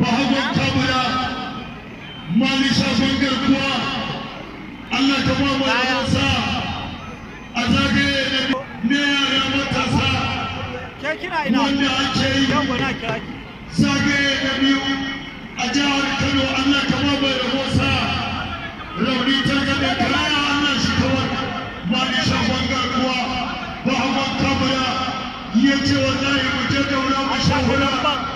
bahagon kabura mali shafin kuwa, Allah ta ba mu wasa a zagaye ne yara matasa wanda ake yi zagaye na biyu a jihar Kano Allah ta ba mu wasa rauni ta gada karaya Allah shi kawar mali shafin garkuwa bahagon kabura ya ce wallahi mu je mu shafura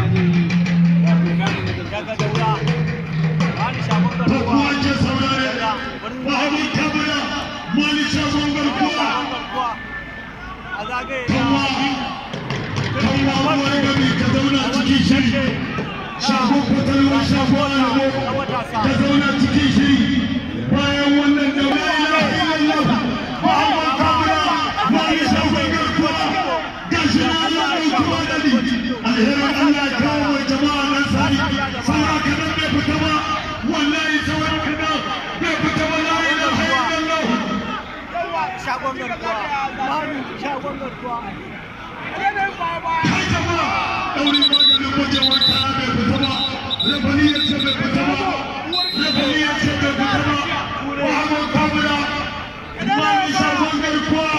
भगवानच्या समोर बाबू थांबला मालिशा मंगल कुवा थम्मा थम्मा वर्गवी कदवना चिकी श्री शाहू पतलवा शाहू लागो कदवना चिकी Shri ɗauri maganin wajen wanka bai fita ba rabani ya ce bai fita ba rabani ya ce bai fita ba mahamman kamara ma isa zangar kuwa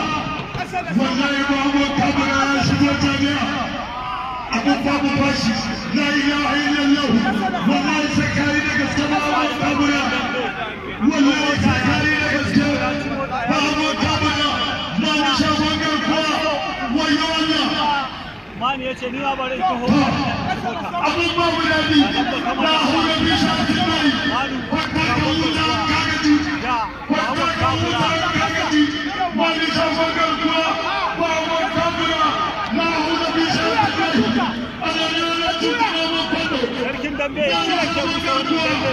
wallahi mahamman kamara ya shigo jami'a abin babu bashi la ilaha illallah wallahi sai kayi mani ya ce ni ma bari taho abubuwa guda biyu sarkin dambe ya kira kyau dambe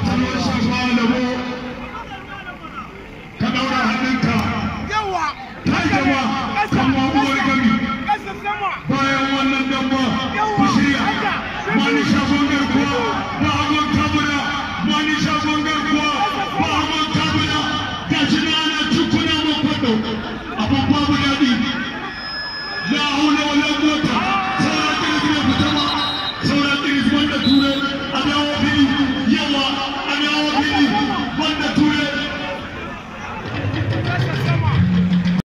Manisha Bungar kuwa Bahaman Kabura Manisha Bungar na ana tukuna mafaɗo abin